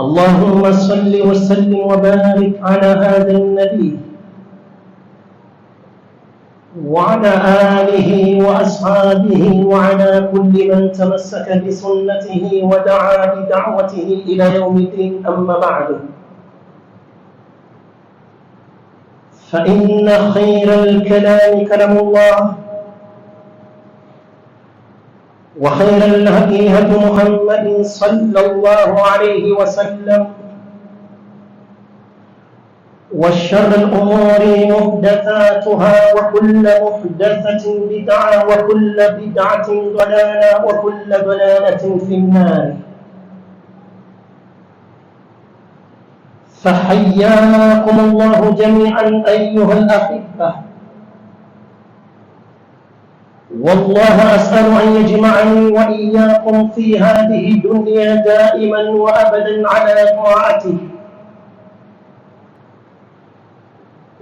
اللهم صل وسلم وبارك على هذا النبي وعلى آله وأصحابه وعلى كل من تمسك بسنته ودعا بدعوته إلى يوم الدين أما بعد فإن خير الكلام كلام الله وخير الهدي هدي محمد صلى الله عليه وسلم والشر الأمور محدثاتها وكل محدثة بدعة وكل بدعة ضلالة وكل ضلالة في النار فحياكم الله جميعا أيها الأحبة والله أسأل أن يجمعني وإياكم في هذه الدنيا دائما وأبدا على طاعته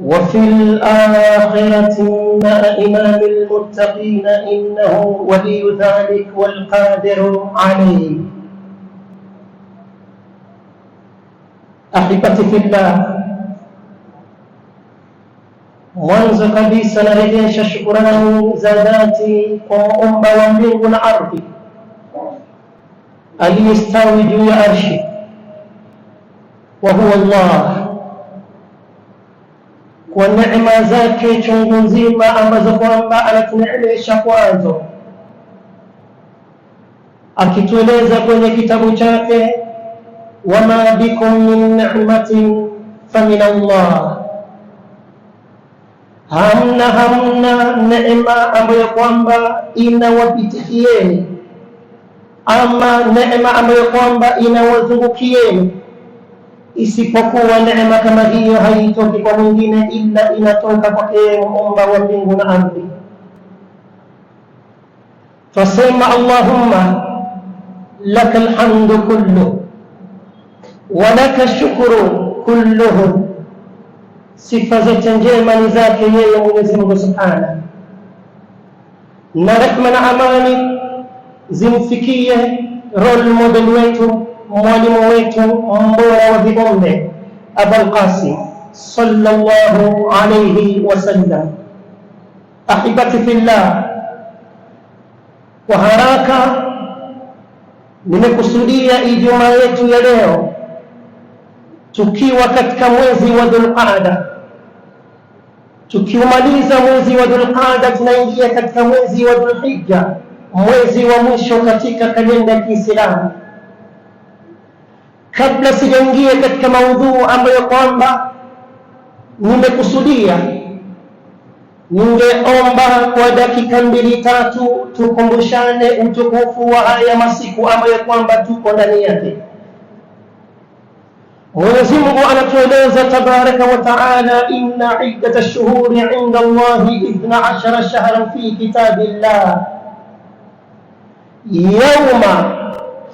وفي الآخرة مع إمام المتقين إنه ولي ذلك والقادر عليه أحبتي في الله Mwanzo kabisa narejesha shukurani za dhati kwa muumba wa mbingu na ardhi aliyestawi juu ya arshi, wa huwa Allah, kwa neema zake chungu nzima ambazo kwamba anatuneemesha kwazo, akitueleza kwenye kitabu chake, wama bikum min ni'matin famin Allah hamna hamna neema ambayo kwamba inawapitikieni ama neema ambayo kwamba inawazungukieni, isipokuwa neema kama hiyo haitoki kwa mwingine, ila inatoka kwa kwake muumba wa mbingu na ardhi. Twasema allahumma laka lhamdu kullu wa laka shukru kulluhu sifa zote njema ni zake yeye Mwenyezi Mungu Subhana, na rehma na amani zimfikie role model wetu mwalimu wetu mbora wa viumbe Abul Qasim sallallahu alayhi wasallam. Ahibati fillah, kwa haraka nimekusudia Ijumaa yetu ya leo tukiwa katika mwezi wa Dhulqaada, tukiumaliza mwezi wa Dhulqaada tunaingia katika mwezi wa Dhulhijja, mwezi wa mwisho katika kalenda ya Kiislamu. Kabla sijaingia katika maudhuu ambayo kwamba nimekusudia, ningeomba kwa dakika mbili tatu tukumbushane utukufu wa haya masiku ambayo kwamba tuko ndani yake. ويزمه على تولانزة تبارك وتعالى إن عدة الشهور عند الله إثنى عشر شهرا في كتاب الله يوم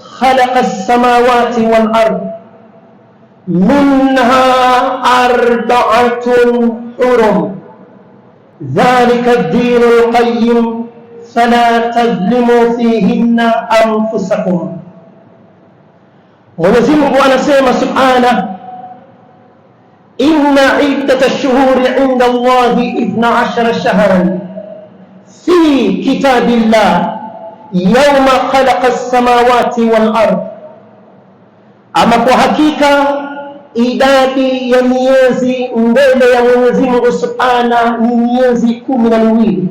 خلق السماوات والأرض منها أربعة حرم ذلك الدين القيم فلا تظلموا فيهن أنفسكم Mwenyezi Mungu anasema subhana inna iddata ash-shuhuri 'inda Allahi 12 shahran fi kitabillah yawma khalaqa as-samawati wal ard ama kwa hakika idadi ya miezi mbele ya Mwenyezi Mungu subhana ni miezi kumi na miwili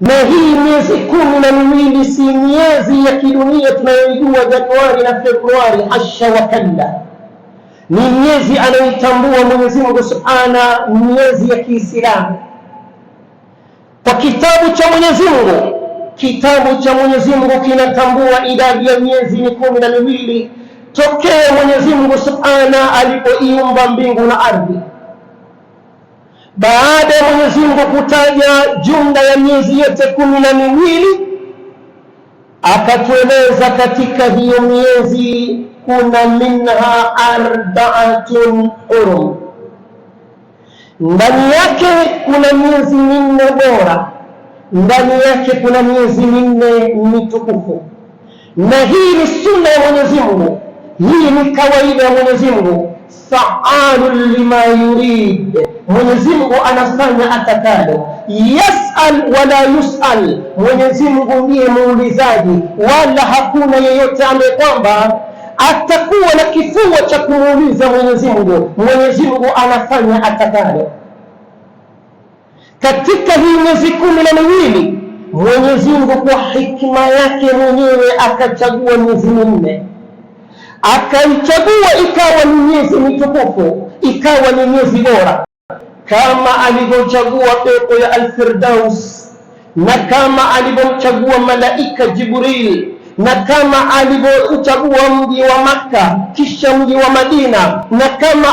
na hii miezi kumi na miwili si miezi ya kidunia tunayoijua Januari na Februari, hasha wa kalla. Ni miezi anayoitambua Mwenyezi Mungu Subhana, miezi ya Kiislamu kwa kitabu cha Mwenyezi Mungu. Kitabu cha Mwenyezi Mungu kinatambua idadi ya miezi ni kumi na miwili tokea Mwenyezi Mungu Subhana alipoiumba mbingu na ardhi baada ya Mwenyezi Mungu kutaja jumla ya miezi yote kumi na miwili, akatueleza katika hiyo miezi kuna minha arbaatun hurum, ndani yake kuna miezi minne bora, ndani yake kuna miezi minne mitukufu. Na hii ni sunna ya Mwenyezi Mungu, hii ni kawaida ya Mwenyezi Mungu faalu lima yurid, Mwenyezi Mungu anafanya atakalo. Yasal wala yusal, Mwenyezi Mungu ndiye muulizaji, wala hakuna yeyote ambaye kwamba atakuwa na kifua cha kumuuliza Mwenyezi Mungu. Mwenyezi Mungu anafanya atakalo. Katika hii miezi kumi na miwili Mwenyezi Mungu kwa hikima yake mwenyewe akachagua miezi minne akaichagua ikawa ni miezi mitukufu, ikawa ni miezi bora, kama alivyochagua pepo ya Alfirdaus na kama alivyomchagua malaika Jibril na kama alivyochagua mji wa Makka kisha mji wa Madina, na kama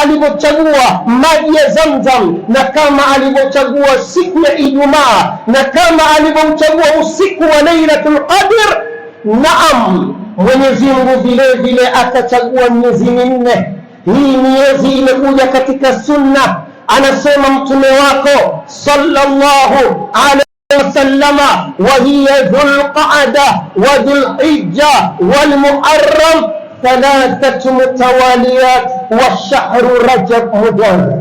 alivyochagua maji ya Zamzam, na kama alivyochagua siku ya Ijumaa, na kama alivyochagua usiku wa Lailatul Qadr. Naam. Mwenyezi Mungu vile vile akachagua miezi minne. Hii miezi imekuja katika sunna, anasema mtume wako sallallahu alaihi wasallama, wa hiya dhulqaada wa dhulhijja walmuharram thalathatu mutawaliyat wa shahru rajab mujawwal.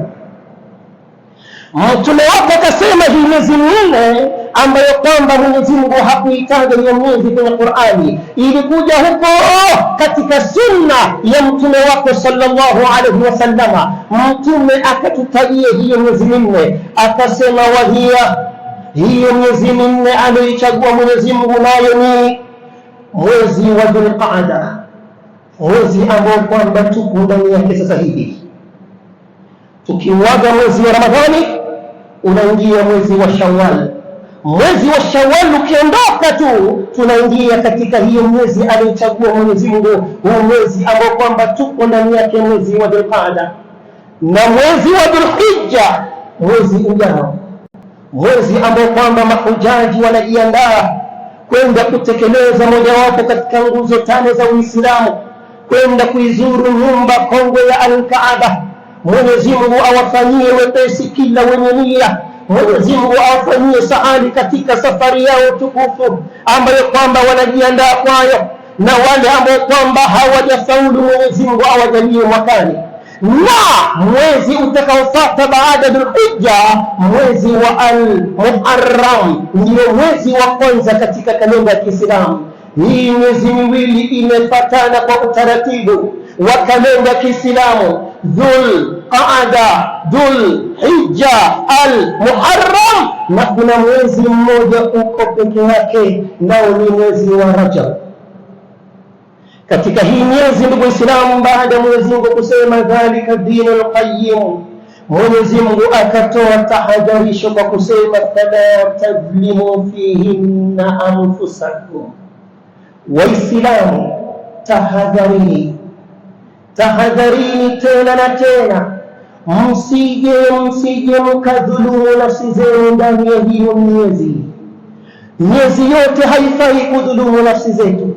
Mtume wako akasema hii miezi minne ambayo kwamba Mwenyezi Mungu hakuitaja hiyo miezi kwenye Qur'ani, ilikuja huko katika sunna ya mtume wako sallallahu alayhi wasallam. Mtume akatutajia hiyo miezi minne, akasema wahia, hiyo miezi minne aliyoichagua Mwenyezi Mungu nayo ni mwezi wa Dhulqaada, mwezi ambao kwamba tuko ndani yake sasa hivi, tukiuaga mwezi wa Ramadhani unaingia mwezi wa Shawwal Mwezi wa shawal ukiondoka tu tunaingia katika hiyo mwezi aliyochagua Mwenyezi Mungu, huu mwezi ambao kwamba tuko ndani yake, mwezi wa Dhulqaada na mwezi wa Dhulhijja, mwezi ujao, mwezi ambao kwamba mahujaji wanajiandaa kwenda kutekeleza mojawapo katika nguzo tano za Uislamu, kwenda kuizuru nyumba kongwe ya Alkaaba. Mwenyezi Mungu awafanyie wepesi kila wenye nia Mwenyezi Mungu awafanyie sahali katika safari yao tukufu ambayo kwamba wanajiandaa kwayo, na wale ambao kwamba hawajafaulu Mwenyezi Mungu awajalie mwakani na mwezi utakaofuata baada ya Dhulhijja, mwezi wa Al-Muharram, ndio mwezi wa kwanza katika kalenda ya Kiislamu. Hii miezi miwili imepatana kwa utaratibu wa Kiislamu Dhul Qaada, Dhul Hija, Al Muharram, na kuna mwezi mmoja uko peke yake, nao ni mwezi wa Rajab. Katika hii miezi, ndugu Waislamu, baada ya Mwenyezi Mungu kusema dhalika dinu qayyim, Mwenyezi Mungu akatoa tahadharisho kwa kusema fala tadhlimu fihinna anfusakum. Waislamu tahadharini Tahadharini tena na tena, msije msije mkadhulumu nafsi zenu ndani ya hiyo miezi. Miezi yote haifai kudhulumu nafsi zetu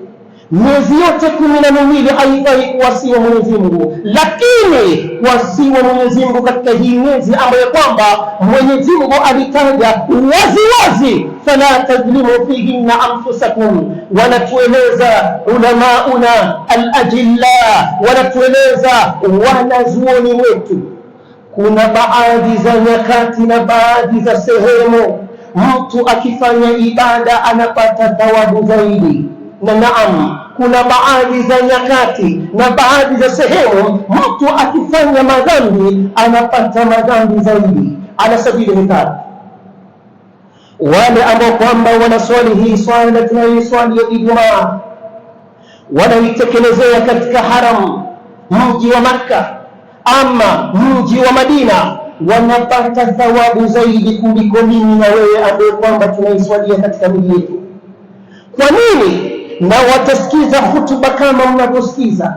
miezi yote kumi na miwili haifai kuwasiwa Mwenyezi Mungu, lakini wasiwa Mwenyezi Mungu katika hii miezi ambayo kwamba Mwenyezi Mungu alitaja waziwazi, fala tadhlimu fihinna anfusakum. Wanatueleza ulamauna alajilla, wanatueleza wanazuoni wetu, kuna baadhi za nyakati na baadhi za sehemu mtu akifanya ibada anapata thawabu zaidi na naam, kuna baadhi za nyakati na baadhi za sehemu mtu akifanya madhambi anapata madhambi zaidi. Ala sabili mithali, wale ambao kwamba wanaswali hii swala na tunayoiswali ya Ijumaa wanaitekelezea katika haram mji wa Makka ama mji wa Madina wanapata thawabu zaidi kuliko mimi na wewe ambaye kwamba tunaiswalia katika miji yetu. Kwa nini? na watasikiza hutuba kama mnavyosikiza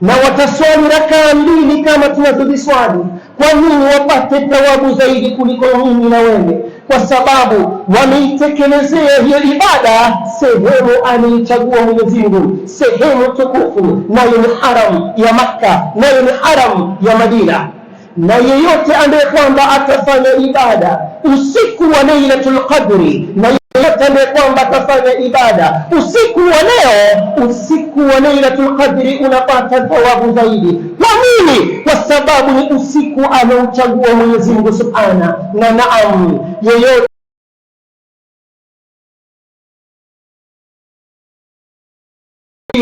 na wataswali rakaa mbili kama tunazoziswali. Kwa nini wapate thawabu zaidi kuliko mimi na wewe? Kwa sababu wameitekelezea hiyo ibada sehemu aliyechagua Mwenyezi Mungu, sehemu tukufu, nayo ni haram ya Makka, nayo ni haram ya Madina. Na yeyote ambaye kwamba atafanya ibada usiku wa Lailatul Qadri tukatane kwamba tafanya ibada usiku wa leo, usiku wa Lailatul Qadri unapata thawabu zaidi. Kwa nini? Kwa sababu ni usiku anaochagua Mwenyezi Mungu subhana na naam, yeyote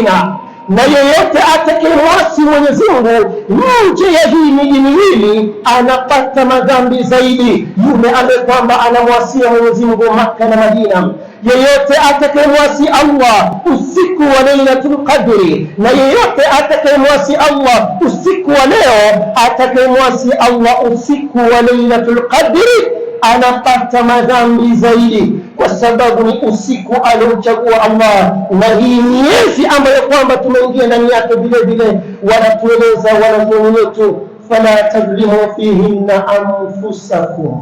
na na yeyote atakayewasi Mwenyezi Mungu nje ya hii miji miwili anapata madhambi zaidi, yule ambaye kwamba anamwasia Mwenyezi Mungu Maka na Madina. Yeyote atakayemwasi Allah usiku wa Lailatul Qadri, na yeyote atakayemwasi Allah usiku wa leo, atakayemwasi Allah usiku wa Lailatul Qadri anapata madhambi zaidi, kwa sababu ni usiku aliochagua Allah, na hii miezi ambayo kwamba tumeingia ndani yake vile vile wanatueleza wanazuoni wetu, fala tadlimu fihinna anfusakum,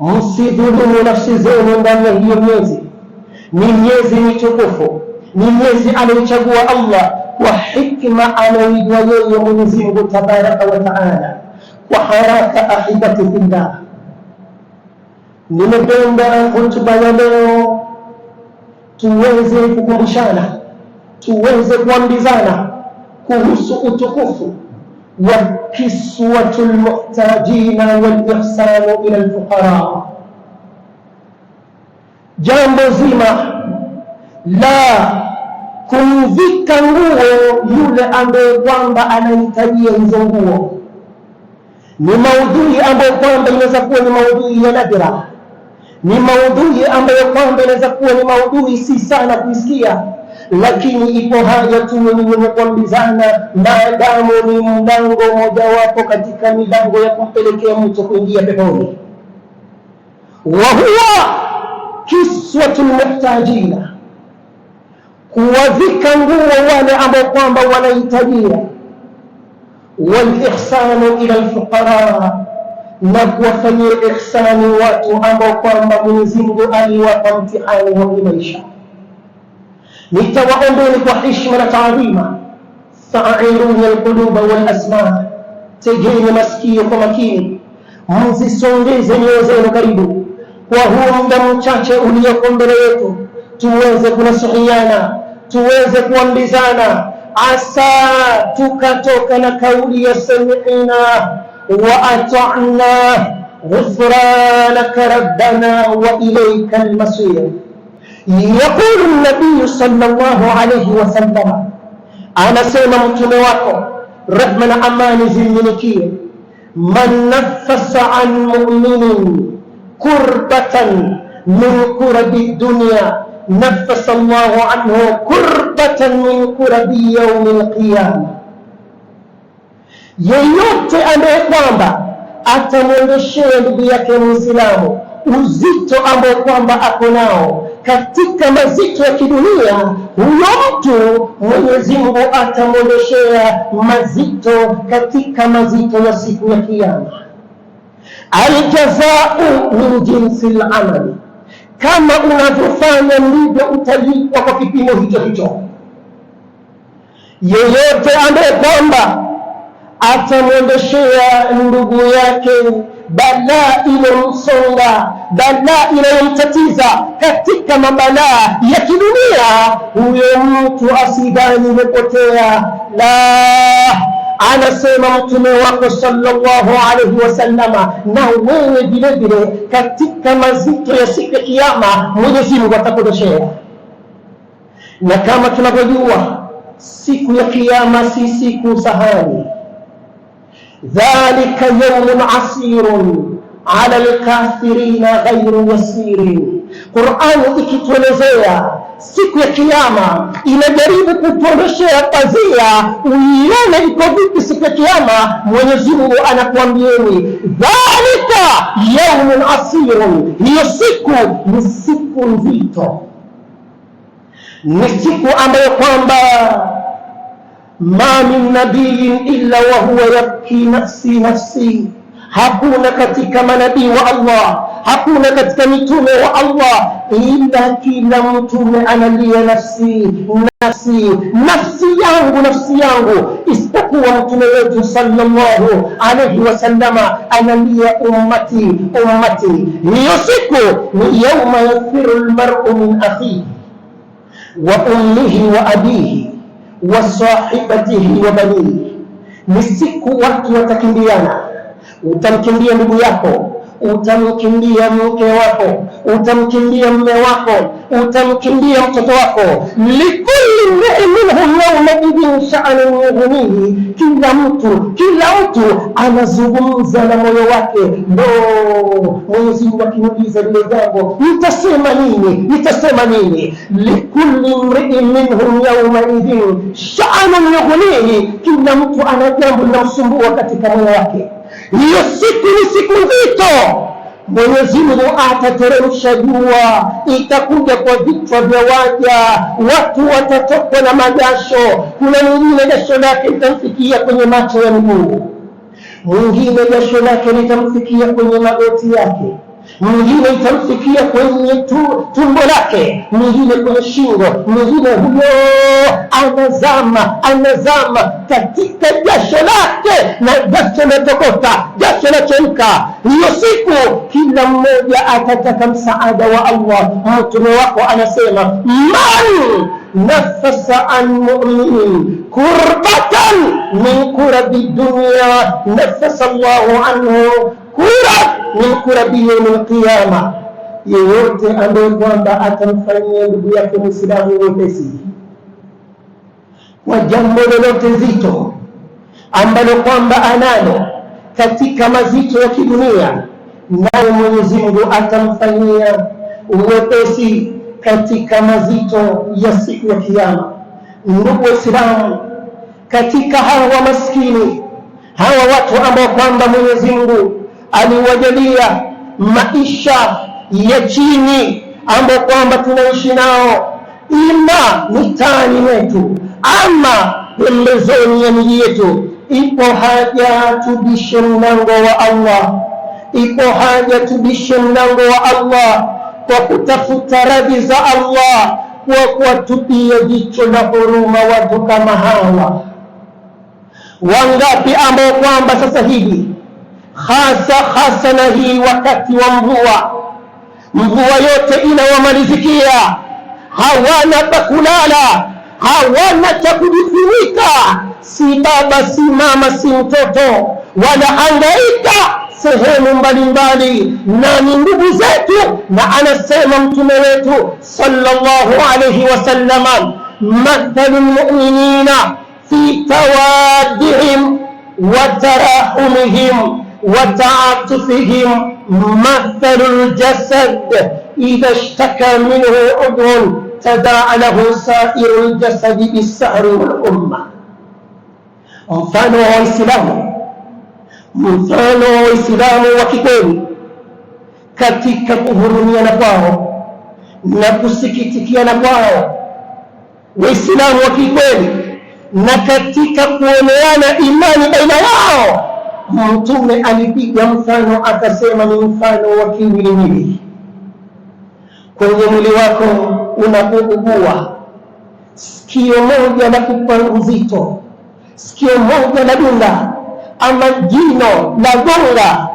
msidhulumu nafsi zenu ndani ya hiyo miezi. Ni miezi mitukufu, ni miezi aliochagua Allah kwa hikma anaoijua yeye Mwenyezi Mungu tabaraka wa taala wa haraka ahibati fillah. Nimependa hotuba ya leo tuweze kukumbushana, tuweze kuambizana kuhusu utukufu wa kiswatu muhtajina wal ihsanu ila alfuqara, jambo zima la kumvika nguo yule ambaye kwamba anahitajia hizo nguo ni maudhui ambayo kwamba inaweza kuwa ni maudhui ya nadhira, ni maudhui ambayo kwamba inaweza kuwa ni maudhui si sana kuisikia, lakini ipo haja tu ni wenye kuambizana. Maadamu ni mlango mojawapo katika milango ya kumpelekea mtu kuingia peponi, wa huwa kiswatul muhtajina, kuwavika nguo wale ambao kwamba wanahitajia walihsanu ila lfuqara, na kuwafanyia ihsani watu ambao kwamba Mwenyezi Mungu aliwapa mtihani wa kimaisha. Nitawaombeni kwa heshima na taadhima, fairuni alquluba walasma, tegeni masikio kwa makini, mzisongeze nyoyo zenu karibu kwa huo muda mchache ulioko mbele yetu, tuweze kunasuhiana tuweze kuambizana asa tukatoka na kauli عسى تكتوكنا كولي سمعنا وأطعنا غفرانك ربنا وإليك المصير يقول النبي صلى الله عليه وسلم anasema mtume wako rehma na amani zimmilikie man nafasa an muminin kurbatan min kurabi dunya nafasa llahu anhu kurba raghbatan min kurabi yaumi lqiyama, yeyote ambaye kwamba atamwendeshea ndugu yake muislamu uzito ambao kwamba ako nao katika mazito ya kidunia, huyo mtu Mwenyezi Mungu atamwendeshea mazito katika mazito ya siku ya Kiyama. Aljazau min jinsi lamali, kama unavyofanya ndivyo utalipwa kwa kipimo hicho hicho yeyote ambaye kwamba atamwondeshea ndugu yake balaa ilomsonga, balaa inayomtatiza katika mabalaa ya kidunia, huyo mtu asidhani imepotea. La, anasema mtume wako sallallahu alaihi wasallama, na wewe vilevile katika mazito ya siku ya Kiyama Mwenyezi Mungu atakuondoshea, na kama tunavyojua siku ya Kiyama si siku sahani. Dhalika yawmun asirun ala alkafirina ghairu yasirin. Qur'ani ikituelezea siku ya Kiyama inajaribu kutuondoshea pazia, uione iko vipi siku ya Kiyama. Mwenyezi Mungu anakuambieni dhalika yawmun asirun, hiyo siku ni siku nzito ni siku ambayo kwamba ma min nabiyin illa wa huwa yabki nafsi nafsi, hakuna katika manabii wa Allah, hakuna katika mitume wa Allah ila kila mtume analia nafsi nafsi nafsi yangu nafsi yangu, isipokuwa mtume wetu sallallahu alayhi wasallama analia ummati ummati. Hiyo siku ni yauma yafiru lmaru min akhihi wa ummihi wa abihi wa sahibatihi wa banihi. Ni siku watu watakimbiana, utamkimbia ndugu yako utamkimbia mke wako, utamkimbia mme wako, utamkimbia mtoto wako. likulli mri'in minhum yawma idhin sha'nun yughnihi, kila mtu kila mtu anazungumza na moyo wake. Ndo Mwenyezi Mungu akiniuliza lile jambo, nitasema nini? Nitasema nini? likulli mri'in minhum yawma idhin sha'nun yughnihi, kila mtu ana jambo linamsumbua katika moyo wake hiyo siku ni siku nzito. Mwenyezi Mungu atateremsha jua, itakuja kwa vichwa vya waja, watu watatokwa na majasho. Kuna mwingine jasho lake litamfikia kwenye macho ya miguu, mwingine jasho lake litamfikia kwenye magoti yake mwingine itamfikia kwenye tumbo lake, mwingine kwenye shingo, mwingine huyo anazama anazama katika jasho lake, na jasho linatokota, jasho linachemka. Hiyo siku kila mmoja atataka msaada wa Allah. Mtume wako anasema man nafasa an muminin kurbatan min kurabi dunya nafasa llahu anhu kurat nyakura bihi qiyama, yeyote ambaye kwamba atamfanyia ndugu yake mwislamu wepesi kwa jambo lolote zito ambalo kwamba analo katika mazito ya kidunia, naye Mwenyezi Mungu atamfanyia uwepesi katika mazito ya siku ya Kiyama. Ndugu Waislamu, katika hawa maskini hawa watu ambao kwamba Mwenyezi Mungu aliwajalia maisha ya chini ambayo kwamba tunaishi nao, ima mitaani mwetu ama pembezoni ya miji yetu. Ipo haja tubishe mlango wa Allah, ipo haja tubishe mlango wa Allah kwa kutafuta radhi za Allah, kwa kuwatupia jicho la huruma watu kama hawa. Wangapi ambao kwamba sasa hivi hasa hasana hii wakati wa mvua, mvua yote inawamalizikia, hawana pakulala, hawana cha kujifunika, si baba si mama si mtoto, wanahangaika sehemu mbalimbali na ni ndugu zetu. Na anasema mtume wetu sallallahu alayhi wasallama, mathalu lmuminina fi tawaddihim wa tarahumihim وتعاطفهم مثل الجسد إذا اشتكى منه عضو تداعى له سائر الجسد بالسهر والأمة mfano wa Waislamu, mfano wa Waislamu wa kikweli katika kuhurumiana kwao na kusikitikiana kwao, Waislamu wa kikweli na katika kuoneana imani baina yao Mtume alipiga mfano akasema, ni mfano wa kiwiliwili. Kwenye mwili wako unapougua, sikio moja la kupa uzito, sikio moja la dunda, ama jino la gonga,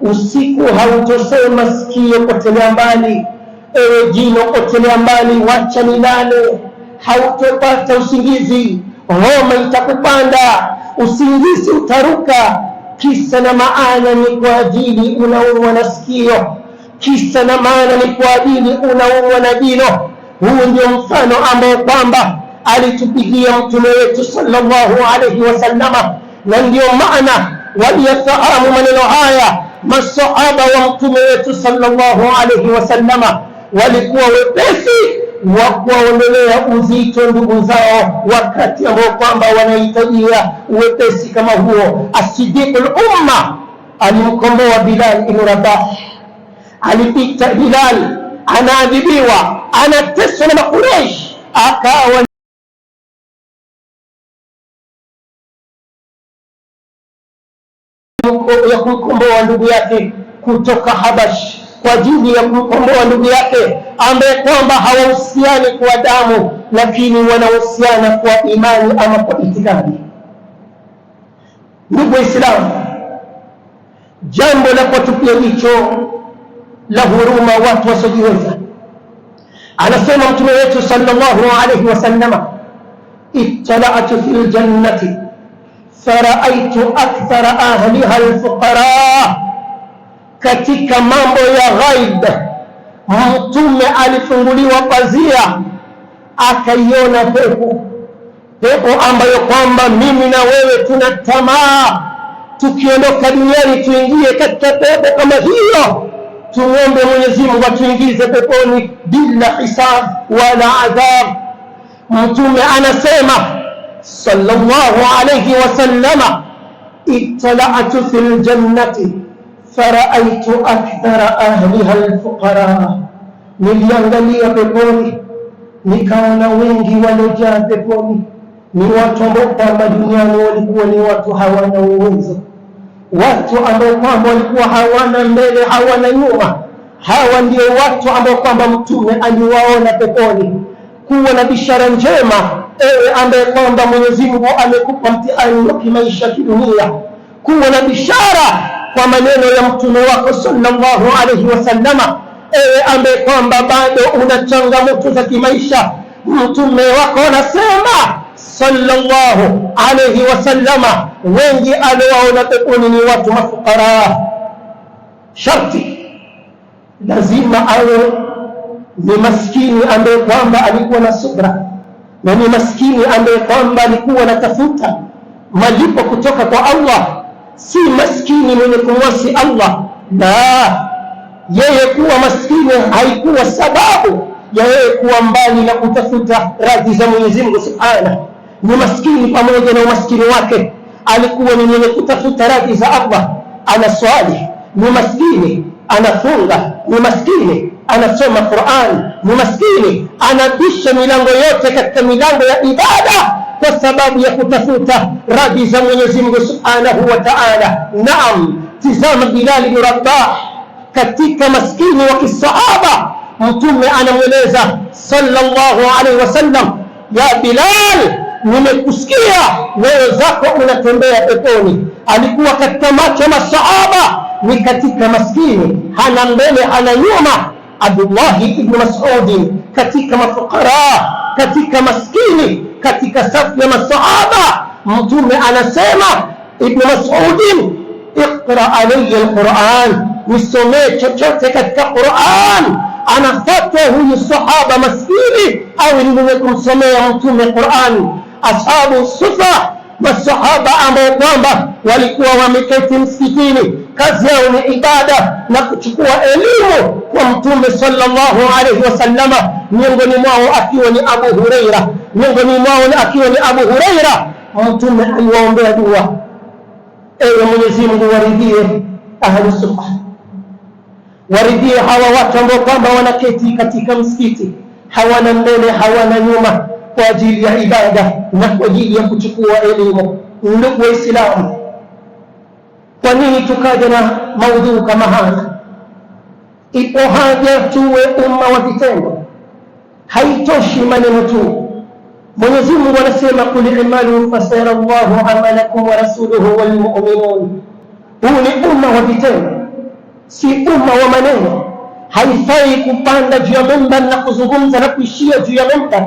usiku hautosema sikio potelea mbali, ewe jino potelea mbali, wacha nilale. Hautopata usingizi, homa itakupanda, usingizi utaruka Kisa na maana ni kwa ajili unaumwa na sikio, kisa na maana ni kwa ajili unaumwa na jino. Huu ndio mfano ambao kwamba alitupigia mtume wetu sallallahu alayhi wasallama, na ndiyo maana waliyafahamu maneno haya masahaba wa mtume wetu sallallahu alayhi wasallama, walikuwa wepesi wa kuwaondolea uzito ndugu zao wakati ambao kwamba wanahitajia uwepesi kama huo. Asidiqul umma alimkomboa Bilal ibnu Rabah, alipita Bilal anaadhibiwa, anateswa na Makureish akawa ya kukomboa ndugu yake kutoka Habashi kwa ajili ya kumkomboa ndugu yake ambaye kwamba hawahusiani kwa damu, lakini wanahusiana kwa imani ama kwa itikadi. Ndugu Waislamu, jambo la kuwatupia jicho la huruma watu wasiojiweza, anasema mtume wetu sallallahu alayhi wasallama, ittala'tu fi ljannati faraitu akthara ahliha alfuqara katika mambo ya ghaib. Mtume alifunguliwa pazia akaiona pepo, pepo ambayo kwamba mimi na wewe tuna tamaa tukiondoka duniani tuingie katika pepo kama hiyo. Tumwombe Mwenyezi Mungu atuingize peponi bila hisab wala adhab. Mtume anasema sallallahu alayhi wasallama, italaatu fil jannati faraaitu akthara ahliha alfuqara, niliangalia peponi nikaona wengi waliojaa peponi ni watu ambao kwamba duniani walikuwa ni watu hawana uwezo, watu ambao kwamba walikuwa hawana mbele, hawana nyuma. Hawa ndio watu ambao kwamba Mtume aliwaona peponi. Kuwa na bishara njema, ewe ambaye kwamba Mwenyezi Mungu amekupa mtihani wa kimaisha kidunia, kuwa na bishara kwa maneno ya mtume wako sallallahu alayhi wasallama. Ewe ambaye kwamba bado una changamoto za kimaisha, mtume wako anasema sallallahu alayhi wasallama, wengi aliowaona peponi ni watu mafukara. Sharti lazima awe ni maskini ambaye kwamba alikuwa na subra na ni maskini ambaye kwamba alikuwa anatafuta malipo kutoka kwa Allah si maskini mwenye kumwasi Allah. La, yeye kuwa maskini haikuwa sababu ya yeye kuwa mbali na kutafuta radhi za Mwenyezi Mungu Subhanahu. Ni maskini pamoja na umaskini wake, alikuwa ni mwenye kutafuta radhi za Allah, ana swali, ni maskini, anafunga, ni maskini anasoma Qur'ani, ni maskini, anabisha milango yote katika milango ya ibada kwa sababu ya kutafuta radhi za Mwenyezi Mungu Subhanahu wa Ta'ala. Naam, tizama bilali bin Rabah katika maskini wa kisahaba, Mtume anamweleza sallallahu alaihi wasallam, ya Bilal, nimekusikia wewe zako unatembea peponi. Alikuwa katika macho masahaba ni katika maskini, hana mbele hana nyuma عبد الله بن مسعود كتيك مفقرا كتيك مسكين كتيك سفل مسعابا مطمع على سيما ابن مسعود اقرأ علي القرآن وسمي تشرتك القرآن أنا فتاه الصحابة مسكيني أو لنكم سمي مطمع القرآن أصحاب الصفة والصحابة أمر الطامبة ولكوا ومكيت مسكيني kazi yao ni ibada na kuchukua elimu kwa Mtume sallallahu alaihi wasallama, miongoni mwao akiwa ni Abu Huraira, miongoni mwao akiwa ni Abu Huraira. Mtume aliwaombea dua, ewe Mwenyezi Mungu, waridhie ahlu sufa, waridhie hawa watu ambao kwamba wanaketi katika msikiti, hawana mbele, hawana nyuma, kwa ajili ya ibada na kwa ajili ya kuchukua elimu. Ndugu Waislamu, kwa nini tukaja na maudhuu kama haya? Ipo haja tuwe umma wa vitendo, haitoshi maneno tu. Mwenyezi Mungu anasema qul i'malu fasayara Allahu amalakum wa rasuluhu wal mu'minun. Huu ni umma wa vitendo, si umma wa maneno. Haifai kupanda juu ya mimbar na kuzungumza na kuishia juu ya mimbar,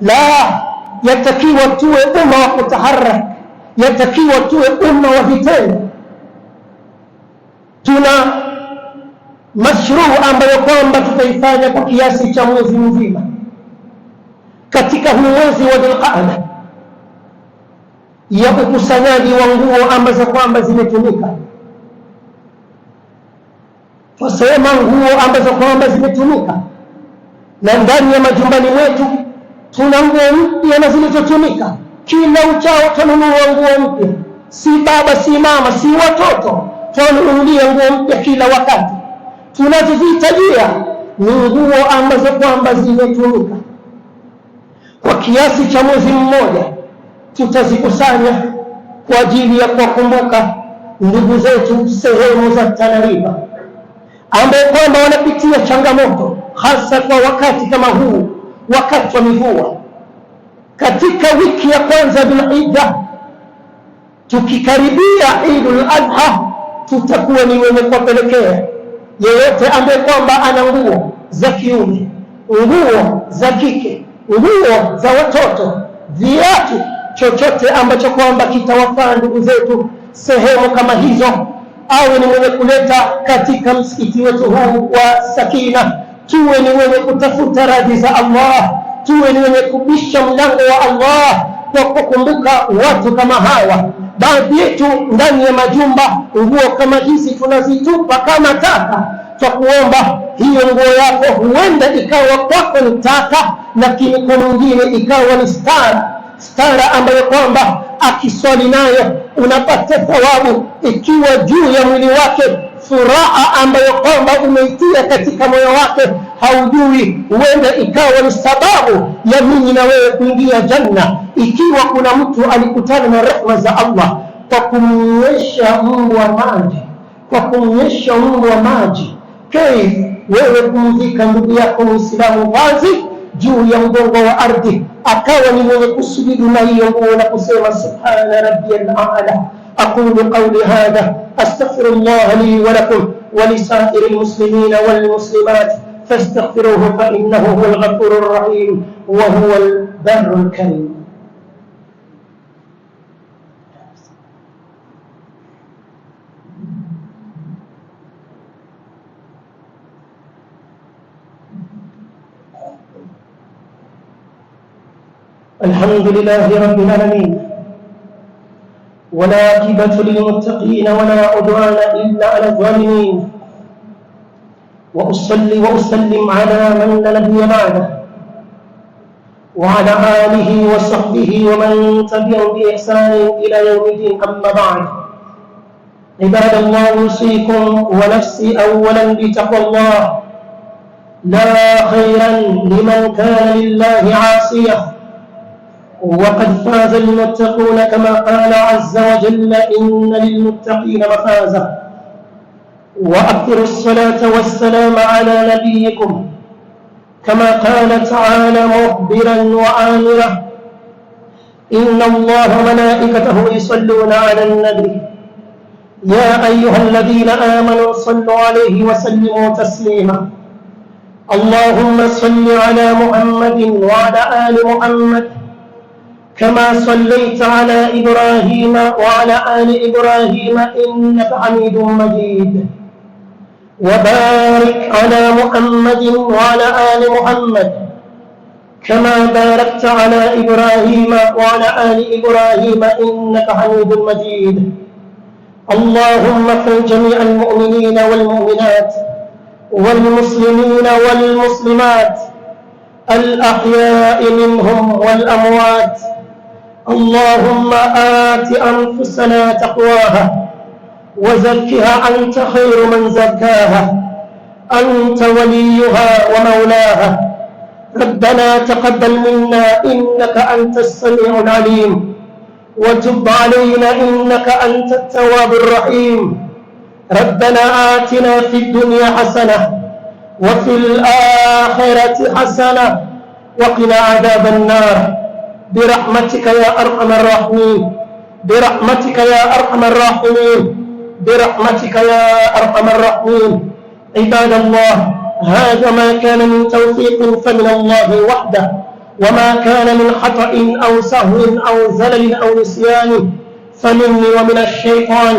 la, yatakiwa tuwe umma wa kutaharak, yatakiwa tuwe umma wa vitendo tuna mashruu ambayo kwamba tutaifanya kwa kiasi cha mwezi mzima katika huu mwezi wa Dhulqaada ya ukusanyaji wa nguo ambazo kwamba zimetumika. Twasema nguo ambazo kwamba zimetumika, na ndani ya majumbani mwetu tuna nguo mpya na zilizotumika. Kila uchao tununua nguo mpya, si baba si mama si watoto tununulie nguo mpya kila wakati. Tunazozihitajia ni nguo ambazo kwamba zimetumika kwa kiasi cha mwezi mmoja, tutazikusanya kwa ajili ya kuwakumbuka ndugu zetu sehemu za Tanariba ambao kwamba wanapitia changamoto hasa kwa wakati kama huu, wakati wa mivua Katika wiki ya kwanza ya Bilhija, tukikaribia Idul Adha tutakuwa ni wenye kuwapelekea yeyote ambaye kwamba ana nguo za kiume, nguo za kike, nguo za watoto, viatu, chochote ambacho kwamba kitawafaa ndugu zetu sehemu kama hizo, awe ni mwenye kuleta katika msikiti wetu huu wa Sakina. Tuwe ni wenye kutafuta radhi za Allah, tuwe ni wenye kubisha mlango wa Allah kwa kukumbuka watu kama hawa. Baadhi yetu ndani ya majumba nguo kama hizi tunazitupa kama taka. Twa kuomba hiyo nguo yako huenda ikawa kwako ni taka, lakini kwa mwingine ikawa ni stara, stara ambayo kwamba akiswali nayo unapata thawabu, ikiwa juu ya mwili wake furaha ambayo kwamba umeitia katika moyo wake haujui, huenda ikawa ni sababu ya mimi na wewe kuingia janna, ikiwa kuna mtu alikutana na rehma za Allah kwa kumnywesha mbwa maji, kwa kumnywesha mbwa maji. Kei wewe kumvika ndugu yako Muislamu vazi juu ya mgongo wa ardhi, akawa ni mwenye kusujudu na hiyo nguo na kusema subhana rabbiyal ala aqulu qawli hadha astaghfirullah li wa lakum wa lisairil muslimina wal muslimat فاستغفروه فإنه هو الغفور الرحيم وهو البر الكريم الحمد لله رب العالمين ولا عاقبة للمتقين ولا عدوان إلا على الظالمين وأصلي وأسلم على من لا نبي بعده وعلى آله وصحبه ومن تبعهم بإحسان إلى يوم الدين أما بعد عباد الله أوصيكم ونفسي أولا بتقوى الله لا خيرا لمن كان لله عاصيا وقد فاز المتقون كما قال عز وجل إن للمتقين مفازة وأكثر الصلاة والسلام على نبيكم كما قال تعالى مخبرا وآمرا إن الله وملائكته يصلون على النبي يا أيها الذين آمنوا صلوا عليه وسلموا تسليما اللهم صل على محمد وعلى آل محمد كما صليت على إبراهيم وعلى آل إبراهيم إنك حميد مجيد وبارك على محمد وعلى آل محمد كما باركت على إبراهيم وعلى آل إبراهيم إنك حميد مجيد اللهم اغفر جميع المؤمنين والمؤمنات والمسلمين والمسلمات الأحياء منهم والأموات اللهم آت أنفسنا تقواها وزكها أنت خير من زكاها أنت وليها ومولاها ربنا تقبل منا إنك أنت السميع العليم وتب علينا إنك أنت التواب الرحيم ربنا آتنا في الدنيا حسنة وفي الآخرة حسنة وقنا عذاب النار برحمتك يا أرحم الراحمين برحمتك يا أرحم الراحمين برحمتك يا أرحم الراحمين عباد الله هذا ما كان من توفيق فمن الله وحده وما كان من خطأ أو سهو أو زلل أو نسيان فمني ومن الشيطان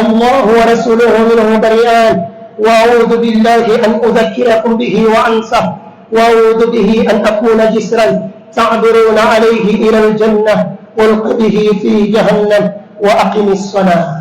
الله ورسوله منه بريئان وأعوذ بالله أن أذكركم به وأنسه وأعوذ به أن أكون جسرا تعبرون عليه إلى الجنة والق به في جهنم وأقم الصلاة